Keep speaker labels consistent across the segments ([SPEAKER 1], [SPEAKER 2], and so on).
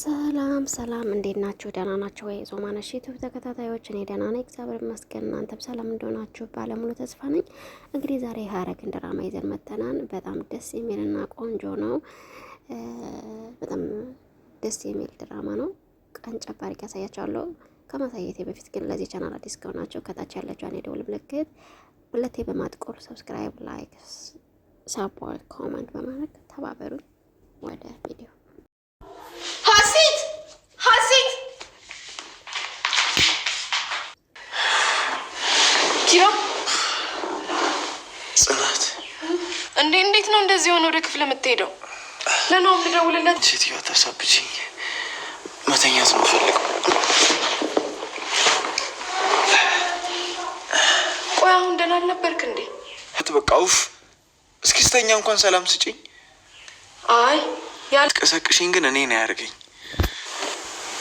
[SPEAKER 1] ሰላም ሰላም፣ እንዴት ናችሁ? ደህና ናችሁ ወይ? ዞማነሽ ዩቱብ ተከታታዮች፣ እኔ ደህና ነኝ እግዚአብሔር ይመስገን። እናንተም ሰላም እንደሆናችሁ ባለሙሉ ተስፋ ነኝ። እንግዲህ ዛሬ ሐረግን ድራማ ይዘን መተናን። በጣም ደስ የሚልና ቆንጆ ነው። በጣም ደስ የሚል ድራማ ነው። ቀን ጨባሪ ያሳያችኋለሁ። ከማሳየቴ በፊት ግን ለዚህ ቻናል አዲስ ከሆናችሁ ከታች ያለችው እኔ ደውል ምልክት ሁለቴ በማጥቆር ሰብስክራይብ፣ ላይክ፣ ሳፖርት፣ ኮመንት በማድረግ ተባበሩኝ። ወደ ቪዲዮ ኪራ ጽናት፣ እንዴ እንዴት ነው እንደዚህ ሆነ? ወደ ክፍል የምትሄደው ለናውም ልደውልለት።
[SPEAKER 2] ሴትዮዋ ታሳብችኝ፣ መተኛት ነው የምፈልገው።
[SPEAKER 1] ቆይ አሁን ደህና አልነበርክ እንዴ?
[SPEAKER 2] በቃ ውፍ እስኪ ስተኛ እንኳን ሰላም ስጭኝ። አይ ያልቀሰቅሽኝ ግን እኔ ነው ያደርገኝ።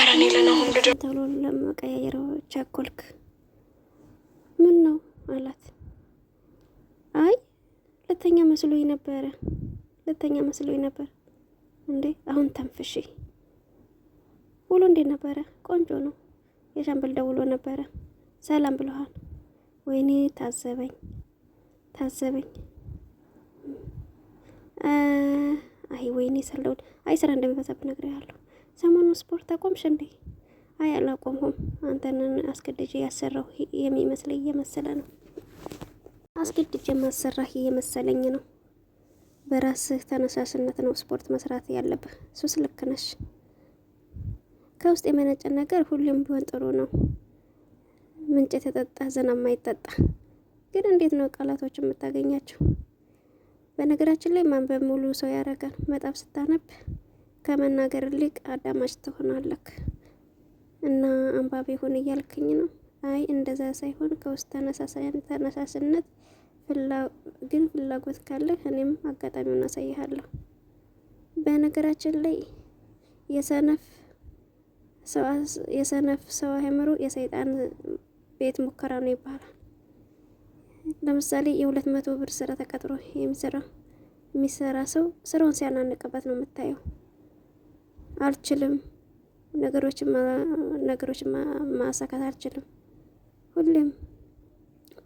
[SPEAKER 1] ኧረ እኔ ለናሁን ቶሎ ለመቀያየር ቸኮልክ። ምን ነው አላት። አይ ሁለተኛ መስሎኝ ነበረ፣ ሁለተኛ መስሎኝ ነበር። እንዴ አሁን ተንፍሺ። ውሎ እንዴት ነበረ? ቆንጆ ነው። የሻምበል ደውሎ ነበረ፣ ሰላም ብለሃል? ወይኔ ታዘበኝ፣ ታዘበኝ። አይ ወይኔ ሰለውን አይ ስራ እንደሚበዛብ ነግሬያለሁ። ሰሞኑን ስፖርት አቆምሽ እንዴ? አይ አላቆምሁም፣ አንተንን አስገድጄ ያሰራሁ የሚመስለኝ እየመሰለ ነው። አስገድጄ ማሰራህ እየመሰለኝ ነው። በራስህ ተነሳሽነት ነው ስፖርት መስራት ያለብህ። ሱስ ልክ ነሽ። ከውስጥ የመነጨ ነገር ሁሌም ቢሆን ጥሩ ነው። ምንጭ የተጠጣ ዝናብ ማይጠጣ። ግን እንዴት ነው ቃላቶች የምታገኛቸው? በነገራችን ላይ ማንበብ ሙሉ ሰው ያደርጋል። መጣፍ ስታነብ ከመናገር ይልቅ አዳማጭ ትሆናለህ። እና አንባቢ ሁን እያልክኝ ነው? አይ እንደዛ ሳይሆን ከውስጥ ተነሳስነት ግን ፍላጎት ካለህ እኔም አጋጣሚውን አሳይሃለሁ። በነገራችን ላይ የሰነፍ ሰው አእምሮ የሰይጣን ቤት ሙከራ ነው ይባላል። ለምሳሌ የሁለት መቶ ብር ስራ ተቀጥሮ የሚሰራ የሚሰራ ሰው ስራውን ሲያናንቅበት ነው የምታየው። አልችልም ነገሮችን ማሳካት አልችልም። ሁሌም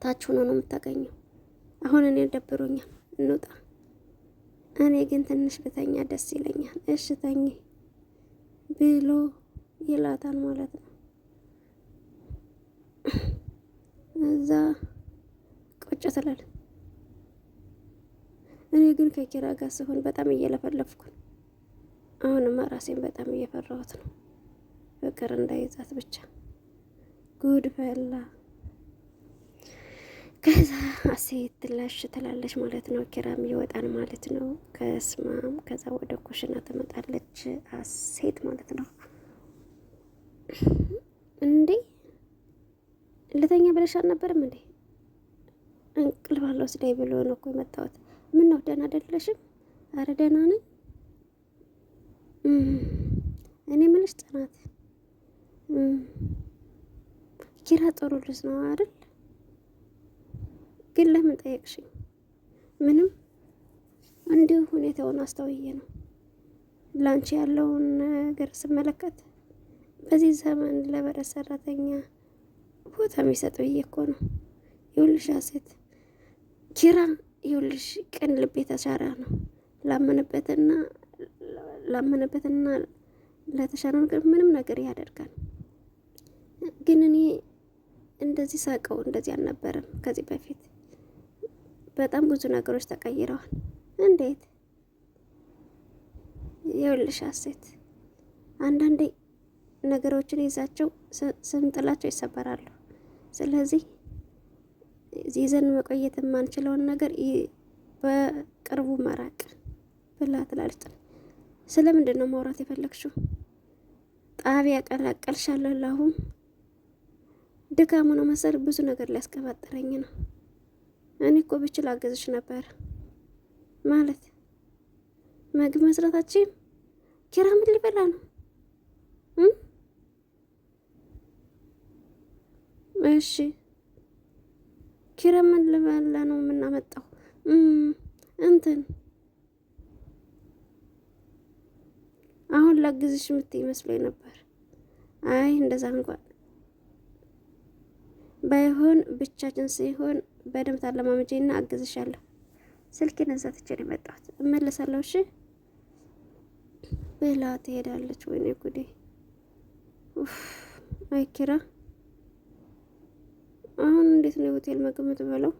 [SPEAKER 1] ታች ሆኖ ነው የምታገኘው። አሁን እኔ ደብሮኛል፣ እንውጣ። እኔ ግን ትንሽ ብተኛ ደስ ይለኛል። እሽ ተኝ ብሎ ይላታል ማለት ነው። እዛ ቁጭ ትላል። እኔ ግን ከኪራ ጋር ስሆን በጣም እየለፈለፍኩን፣ አሁንማ ራሴን በጣም እየፈራሁት ነው። ፍቅር እንዳይዛት ብቻ ጉድ በላ። ከዛ አሴት ትላሽ ትላለች ማለት ነው። ኪራም ይወጣል ማለት ነው። ከስማም ከዛ ወደ ኩሽና ትመጣለች አሴት ማለት ነው። እንዴ ልተኛ ብለሽ አልነበርም እንዴ? እንቅልፍ አልወስደኝ ብሎ ነው እኮ የመጣሁት። ምን ነው ደህና አይደለሽም? አረ ደህና ነኝ። እኔ የምልሽ ጽናት ኪራ ጥሩ ልጅ ነው አይደል? ግን ለምን ጠየቅሽኝ? ምንም እንዲሁ ሁኔታውን አስተውዬ ነው። ላንቺ ያለውን ነገር ስመለከት በዚህ ዘመን ለበረት ሰራተኛ ቦታ የሚሰጥ እኮ ነው። ይኸውልሽ አሴት ኪራ ይኸውልሽ ቅን ልብ የተሻራ ነው ላመነበትና ላመነበትና ለተሻለ ነገር ምንም ነገር ያደርጋል። ግን እኔ እንደዚህ ሳቀው እንደዚህ አልነበረም። ከዚህ በፊት በጣም ብዙ ነገሮች ተቀይረዋል። እንዴት የውልሽ አሴት አንዳንዴ ነገሮችን ይዛቸው ስንጥላቸው ይሰበራሉ። ስለዚህ ይዘን መቆየት የማንችለውን ነገር በቅርቡ መራቅ ብላ ትላለች። ስለምንድን ነው ማውራት የፈለግሽው? ጣቢያ ቀላቀልሻለሁ ለአሁን ድካሙ ነው መሰል ብዙ ነገር ሊያስቀባጠረኝ ነው። እኔ እኮ ብችል አገዝሽ ነበር ማለት ምግብ መስራታችን ኪራ ምን ሊበላ ነው? እሺ ኪራ ምን ሊበላ ነው የምናመጣው? እንትን አሁን ላግዝሽ የምትይ መስሎኝ ነበር። አይ እንደዛ እንኳን ባይሆን ብቻችን ሲሆን በደምብ ታለማመጄና አግዝሻለሁ። ስልኬን እዛ ትቼን የመጣሁት እመለሳለሁ እሺ ብላ ትሄዳለች። ወይኔ ጉዴ! አይ ኪራ፣ አሁን እንዴት ነው የሆቴል ምግብ የምትበለው?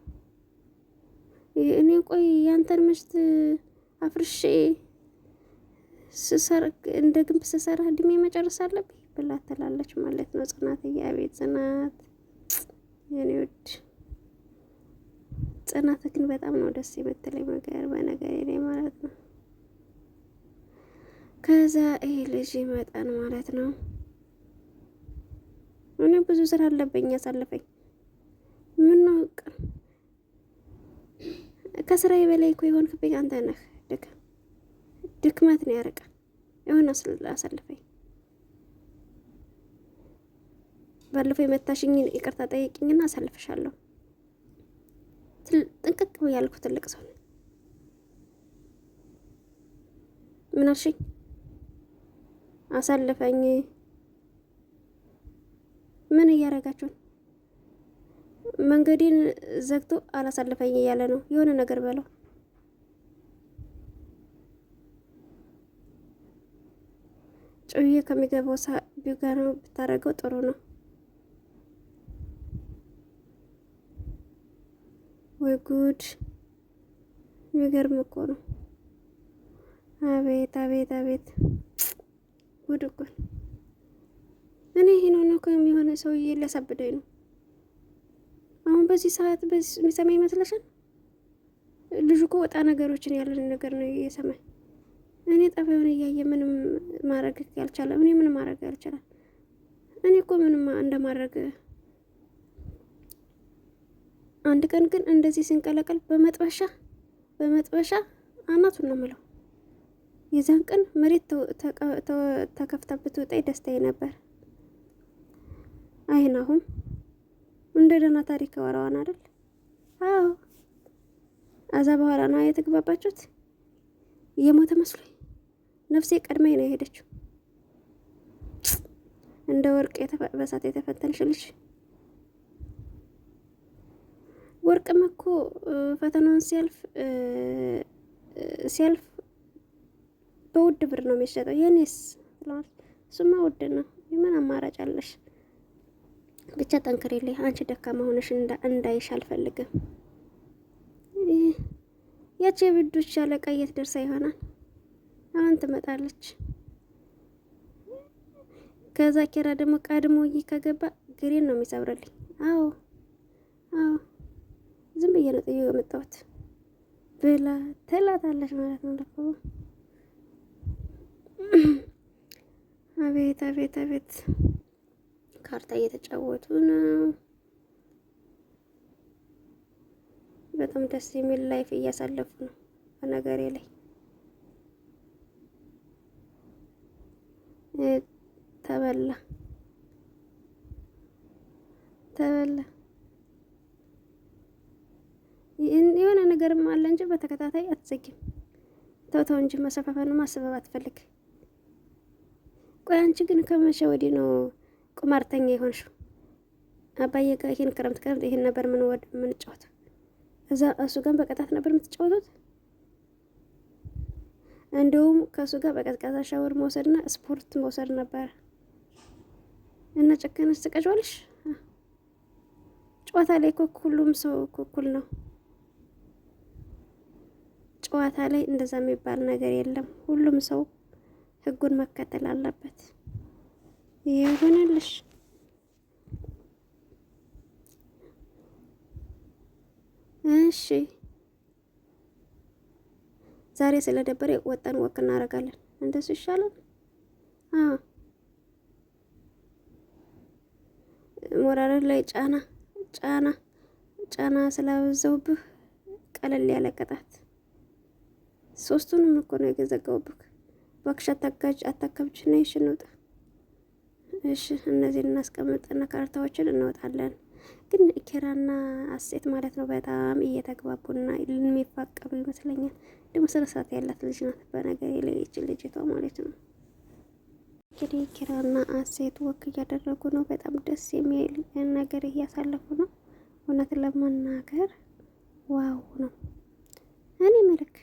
[SPEAKER 1] እኔ ቆይ ያንተን ምሽት አፍርሼ ስሰርቅ እንደ ግንብ ስሰራ እድሜ መጨረስ አለብኝ ብላ ትላለች ማለት ነው ጽናትዬ። አቤት ጽናት የኔ ውድ ጽናት ግን በጣም ነው ደስ የምትለኝ ነገር በነገር ላይ ማለት ነው። ከዛ ይህ ልጅ መጠን ማለት ነው። እኔ ብዙ ስራ አለብኝ ያሳለፈኝ ምነው ከስራዬ በላይ እኮ የሆንክብኝ አንተ ነህ። ድክ ድክመት ነው ያርቃል የሆነ አሳልፈኝ ባለፈው የመታሽኝን ይቅርታ ጠይቅኝና አሳልፍሻለሁ። ጥንቅቅ ያልኩ ትልቅ ሰው ነኝ። ምን አልሽኝ? አሳልፈኝ። ምን እያደረጋችሁ መንገዴን ዘግቶ አላሳልፈኝ እያለ ነው። የሆነ ነገር በለው። ጭውዬ ከሚገባው ሳቢው ጋር ብታደርገው ጥሩ ነው። ጉድ የሚገርም እኮ ነው። አቤት አቤት አቤት ጉድ እኮ እኔ ይሄን ሆኖ እኮ የሚሆነ ሰውዬ ሊያሳብደኝ ነው። አሁን በዚህ ሰዓት በዚህ የሚሰማ ይመስለሻል? ልጁ እኮ ወጣ ነገሮችን ያለን ነገር ነው የሰማኝ። እኔ ጠባዩን እያየ ምንም ማድረግ ያልቻለ እኔ ምንም ማድረግ ያልቻለ እኔ እኮ ምንም እንደማድረግ አንድ ቀን ግን እንደዚህ ሲንቀለቀል በመጥበሻ በመጥበሻ አናቱን ነው ምለው። የዛን ቀን መሬት ተከፍታበት ወጣይ ደስታዬ ነበር። አይናሁም እንደ ደህና ታሪክ ወረዋን አይደል? አዎ። አዛ በኋላ ነው የተግባባችሁት። የሞተ መስሎኝ ነፍሴ ቀድማኝ ነው የሄደችው። እንደ ወርቅ በሳት የተፈተንሽ ልጅ ወርቅም እኮ ፈተናውን ሲያልፍ ሲያልፍ በውድ ብር ነው የሚሸጠው። የኔስ እሱማ ውድ ነው። ምን አማራጭ አለሽ? ብቻ ጠንክሬልኝ። አንቺ ደካማ ሆነሽ እንዳይሽ አልፈልግም። ያቺ የብዱች አለቃ የት ደርሳ ይሆናል? አሁን ትመጣለች። ከዛ ኪራ ደግሞ ቀድሞ ይህ ከገባ ግሬን ነው የሚሰብርልኝ። አዎ አዎ ዝም ብዬ ነው ጥዬው የመጣሁት ብላ ትላታለች ማለት ነው። ለፎ አቤት አቤት አቤት ካርታ እየተጫወቱ ነው። በጣም ደስ የሚል ላይፍ እያሳለፉ ነው። በነገሬ ላይ ተበላ ተበላ የሆነ ነገርም አለ እንጂ በተከታታይ አትዘጊም። ተውተው እንጂ መሰፋፈኑ ማሰበብ አትፈልግ። ቆይ አንቺ ግን ከመቼ ወዲህ ነው ቁማርተኛ የሆንሽው? አባዬ ጋር ይሄን ክረምት ክረምት ይሄን ነበር ምን ወድ ምንጫወተው እዛ እሱ ጋር በቀጣት ነበር የምትጫወቱት። እንደውም ከእሱ ጋር በቀዝቃዛ ሻወር መውሰድና ስፖርት መውሰድ ነበር እና ጨከነሽ ትቀጫዋለሽ። ጨዋታ ላይ እኮ ሁሉም ሰው እኩል ነው። ጨዋታ ላይ እንደዛ የሚባል ነገር የለም። ሁሉም ሰው ህጉን መከተል አለበት። ይሁንልሽ። እሺ። ዛሬ ስለደበረ ወጣን ወክ እናደርጋለን። እንደሱ ይሻላል። ሞራል ላይ ጫና ጫና ጫና ስላበዛውብህ ቀለል ያለ ቅጣት ሶስቱንም እኮ ነው የዘጋሁብህ። እባክሽ አታጋጅ፣ አታከብች። ና ይሽ እንውጣ። እሺ እነዚህን እናስቀምጥና ካርታዎችን እንወጣለን። ግን ኪራና አሴት ማለት ነው በጣም እየተግባቡና የሚፋቀሩ ይመስለኛል። ደግሞ ስነ ያላት ልጅ ናት። በነገር የለየች ልጅቷ ማለት ነው። እንግዲህ ኪራና አሴት ወክ እያደረጉ ነው። በጣም ደስ የሚል ነገር እያሳለፉ ነው። እውነት ለመናገር ዋው ነው እኔ መልክ።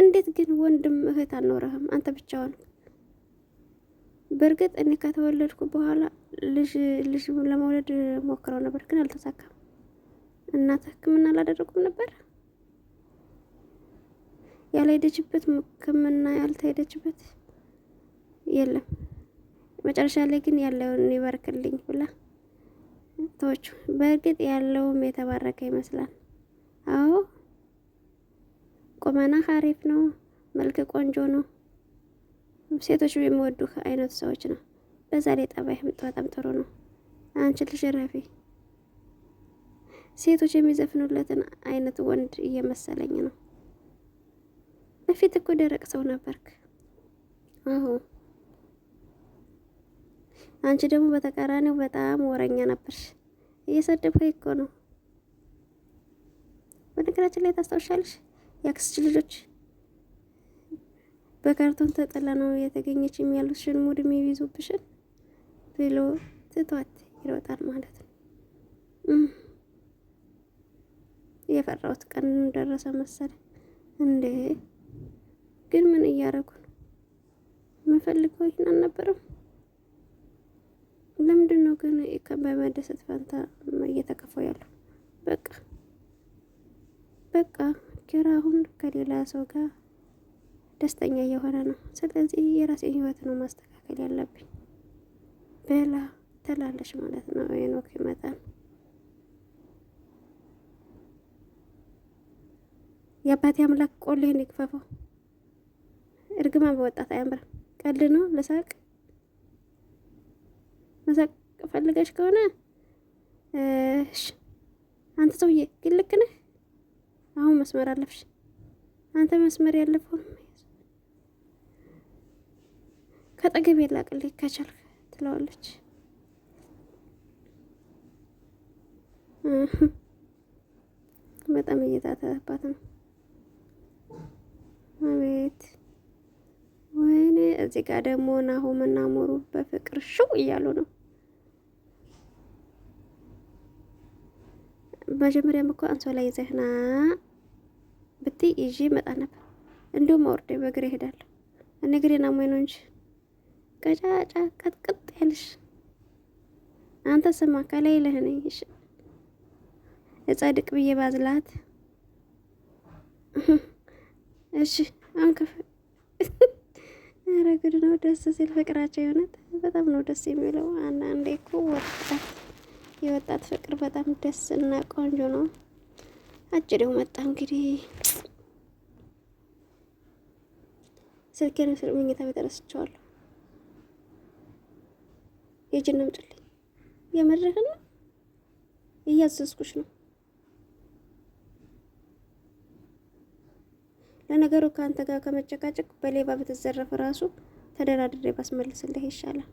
[SPEAKER 1] እንዴት ግን ወንድም እህት አልኖረህም? አንተ ብቻውን። በእርግጥ እኔ ከተወለድኩ በኋላ ልጅ ልጅ ለመውለድ ሞክረው ነበር፣ ግን አልተሳካም። እናት ሕክምና አላደረጉም ነበር ያልሄደችበት ሕክምና ያልተሄደችበት የለም። መጨረሻ ላይ ግን ያለውን ይበርክልኝ ብላ ተወችው። በእርግጥ ያለውም የተባረከ ይመስላል። አዎ ቁመና አሪፍ ነው፣ መልክ ቆንጆ ነው። ሴቶች የሚወዱ አይነት ሰዎች ነው። በዛ ላይ ጠባይም በጣም ጥሩ ነው። አንቺ ልጅ ሴቶች የሚዘፍኑለትን አይነት ወንድ እየመሰለኝ ነው። በፊት እኮ ደረቅ ሰው ነበርክ። አሁ አንቺ ደግሞ በተቃራኒው በጣም ወረኛ ነበርሽ። እየሰደብከኝ እኮ ነው። በነገራችን ላይ ታስታውሻለሽ የአክስት ልጆች በካርቶን ተጠላ ነው የተገኘች የሚያሉሽን ሙድ የሚይዙብሽን ብሎ ትቷት ይሮጣል ማለት ነው። የፈራሁት ቀን ደረሰ መሰለ። እንዴ ግን ምን እያደረጉ ነው? የምፈልገው ይህን አልነበረም። ለምንድን ነው ግን በመደሰት ፈንታ እየተከፋው ያለው? በቃ በቃ ኪራ አሁን ከሌላ ሰው ጋር ደስተኛ እየሆነ ነው። ስለዚህ የራሴን ህይወት ነው ማስተካከል ያለብኝ ብላ ትላለች ማለት ነው። ሄኖክ ይመጣል። የአባቴ አምላክ ቆሌን ይክፈፈው። እርግማን በወጣት አያምርም። ቀልድ ነው። ለሳቅ መሳቅ ፈልገሽ ከሆነ እሺ፣ አንተ ሰውዬ ግልክ ነህ። አሁን መስመር አለፍሽ። አንተ መስመር ያለፈውን ከጠገብ የላቅልኝ ከቻልክ ትለዋለች። በጣም እየታተባት ነው። አቤት ወይኔ! እዚህ ጋር ደግሞ ናሆም እና ሞሩ በፍቅር ሽው እያሉ ነው። መጀመሪያም እኮ አንሶላ ይዘህና ብትይ ይዤ ይመጣ ነበር። እንዲሁም አውርዴ በእግሬ እሄዳለሁ። እኔ እግሬን አሞኝ ነው እንጂ ቀጫጫ ቀጥቅጥ ያለሽ አንተ ስማ፣ ከላይ ለህኔ የጻድቅ ብዬ ባዝላት እሺ አንከፍ ረግድ ነው። ደስ ሲል ፍቅራቸው የሆነት በጣም ነው ደስ የሚለው። አንዳንዴ እኮ ወጣት የወጣት ፍቅር በጣም ደስ እና ቆንጆ ነው። አጭሬው መጣ። እንግዲህ ስልኬን ስል መኝታ ቤት ረስቼዋለሁ። የጅን አምጪልኝ። ነው እያዘዝኩሽ ነው። ለነገሩ ከአንተ ጋር ከመጨቃጨቅ በሌባ በተዘረፈ ራሱ ተደራድሬ ባስመልስልህ ይሻላል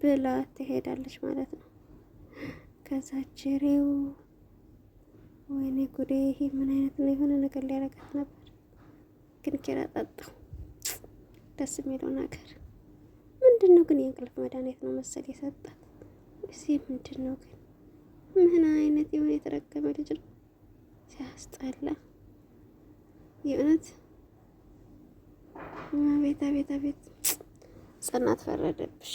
[SPEAKER 1] ብላ ትሄዳለች ማለት ነው። ከዛ ችሬው ወይኔ ጉዴ! ይሄ ምን አይነት ነው? የሆነ ነገር ሊያረጋት ነበር፣ ግን ኬራ ጠጣው። ደስ የሚለው ነገር ምንድን ነው ግን? የእንቅልፍ መድኃኒት ነው መሰል የሰጣት። እዚህ ምንድን ነው ግን? ምን አይነት የሆነ የተረገመ ልጅ ነው! ሲያስጠላ የእውነት አቤት አቤት ቤት ጽናት ፈረደብሽ፣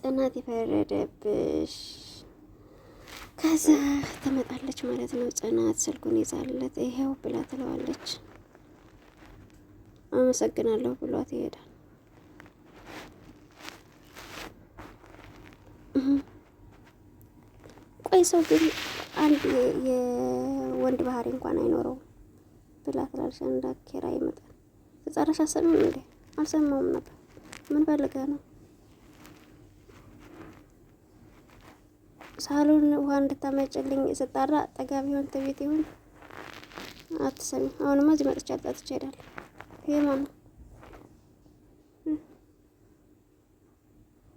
[SPEAKER 1] ጽናት የፈረደብሽ ከዛ ትመጣለች ማለት ነው። ጽናት ስልኩን ይዛለት ይሄው ብላ ትለዋለች። አመሰግናለሁ ብሏት ይሄዳል። ቆይ ሰው ግን አንድ የወንድ ባህሪ እንኳን አይኖረውም ብላ ትላለች። እንዳኬራ ይመጣል። ተጻራሽ አሰብም እንዴ? አልሰማውም ነበር። ምን ፈልገህ ነው? ሳሎን ውሃ እንድታመጭልኝ ስጣራ ጠጋ ቢሆን ትቤት ይሆን አትሰሚም። አሁንማ እዚህ መጥቻ አልጣጥቼ እሄዳለሁ። ይሄማ ነው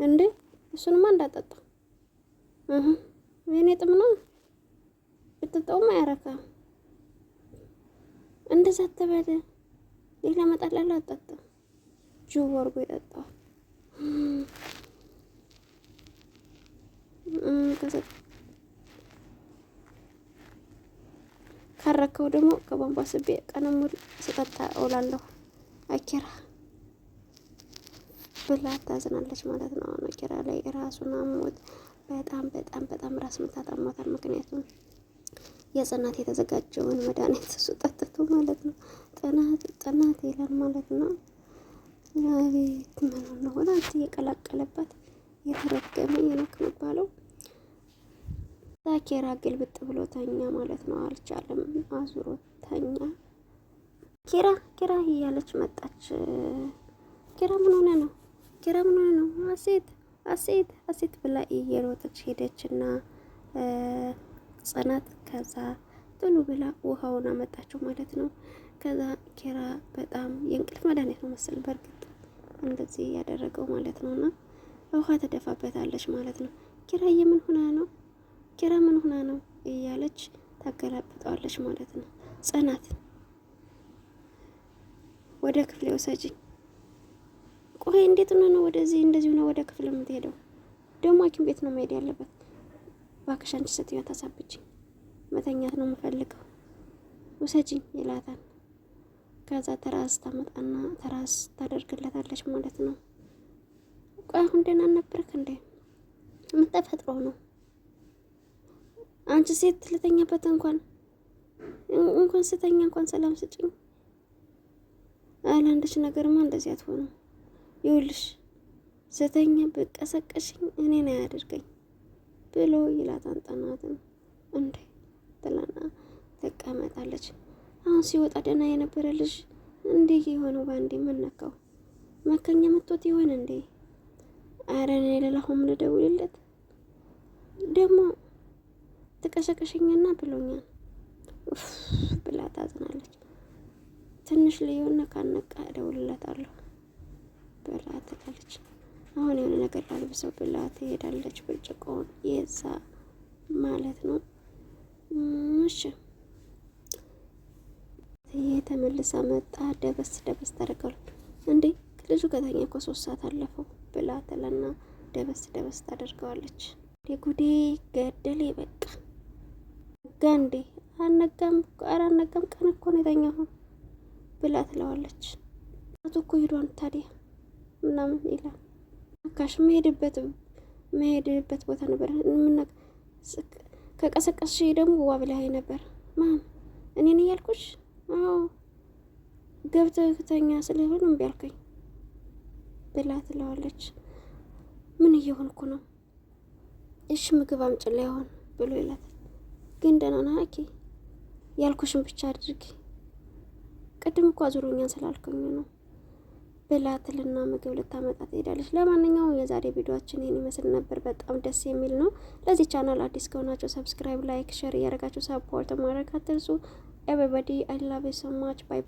[SPEAKER 1] እንዴ? እሱንማ እንዳጠጣ እህ ጥም ነው ብትጠውም አያረካም። እንደዛ ተበደ ሌላ መጣላለሁ አጠጣ ጅብ አድርጎ የጠጣው ካረከው ደግሞ ከቧንቧ ስቤ ቀንም ሙሉ ስጠጣ እውላለሁ። አኪራ ብላ ታዝናለች ማለት ነው። አሁን አኪራ ላይ ራሱን አሞት በጣም በጣም በጣም ራስ ምታት አሟታል። ምክንያቱም የጽናት የተዘጋጀውን መድኃኒት እሱ ጠጥቶ ማለት ነው። ጥናት ጥናት ይላል ማለት ነው። አቤት ምን ሆነ የቀላቀለባት የተረገመ የነክ የሚባለው ዛኬራ ግልብጥ ብሎ ተኛ ማለት ነው። አልቻለም፣ አዙሮ ተኛ። ኪራ ኪራ እያለች መጣች። ኪራ ምን ሆነ ነው? ኪራ ምን ሆነ ነው? አሴት አሴት አሴት ብላ እየሮጠች ሄደች እና ጽናት ከዛ ጥሉ ብላ ውሃውን አመጣችው ማለት ነው። ከዛ ኪራ በጣም የእንቅልፍ መድኃኒት ነው መሰል በእርግጥ እንደዚህ ያደረገው ማለት ነውና ውሃ ትደፋበታለች ማለት ነው። ኪራዬ ምን ሆና ነው? ኪራ ምን ሆና ነው እያለች ታገላብጠዋለች ማለት ነው። ጽናት ወደ ክፍሌ ውሰጂ። ቆይ እንዴት ሆነ ነው ወደዚህ እንደዚህ ሆነ ወደ ክፍል የምትሄደው? ደግሞ ሐኪም ቤት ነው መሄድ ያለበት። እባክሽ አንቺ ስትይው አታሳብችኝ፣ መተኛት ነው የምፈልገው፣ ውሰጂኝ ይላታል። ከዛ ተራስ ታመጣና ተራስ ታደርግለታለች ማለት ነው። ቆይ አሁን ደህና ነበርክ እንዴ? ምን ተፈጥሮ ነው? አንቺ ሴት ልተኛበት እንኳን እንኳን ስተኛ እንኳን ሰላም ስጭኝ። አላንደች ነገርማ እንደዚህ አትሆንም። ይኸውልሽ ስተኛ ብቀሰቀሽኝ እኔን አያደርገኝ ብሎ ይላታን ጠናትን እንዴ ትላና ትቀመጣለች። አሁን ሲወጣ ደህና የነበረ ልጅ እንዴ የሆነው ባንዴ ምን ነካው? መከኛ መቶት ይሆን እንዴ? አረ እኔ ለላሁም ልደውልለት ደግሞ ተቀሸቀሸኝና ብሎኛል ብላ ታዝናለች። ትንሽ ልዩና ካነቃ እደውልለታለሁ ብላ ትላለች። አሁን የሆነ ነገር ላልብሰው ብላ ትሄዳለች። ብርጭቆውን የዛ ማለት ነው። እሺ ተመልሳ መጣ። ደበስ ደበስ ታደርጋለች። እንዴ ልጁ ከተኛ እኮ ሶስት ሰዓት አለፈው። ብላ ትለና ደበስ ደበስ ታደርገዋለች። የጉዴ ገደሌ በቃ ነጋ እንዴ? አነጋም ኧረ አነጋም፣ ቀን እኮ ነው የተኛሁ ብላ ትለዋለች። እናቱ እኮ ሂዷን ታዲያ ምናምን ይላል። አካሽ መሄድበት መሄድበት ቦታ ነበር ከቀሰቀስሽ ደግሞ ዋ ብለህ ነበር። ማን እኔን እያልኩሽ? አዎ ገብተህ ተኛ ስለሆነ እምቢ አልከኝ ብላ ትለዋለች። ምን እየሆንኩ ነው? እሺ ምግብ አምጭላ ይሆን ብሎ ይላታል። ግን ደህና ነህ አኬ? ያልኩሽን ብቻ አድርጊ። ቅድም እኮ አዙሮኛን ስላልከኝ ነው ብላትልና ምግብ ልታመጣ ትሄዳለች። ለማንኛውም የዛሬ ቪዲዮችን ይህን ይመስል ነበር። በጣም ደስ የሚል ነው። ለዚህ ቻናል አዲስ ከሆናቸው ሰብስክራይብ፣ ላይክ፣ ሼር እያደረጋቸው ሰፖርት ማድረግ አትርሱ። ኤቨሪባዲ አይ ላቭ ዩ ሶ ማች ባይ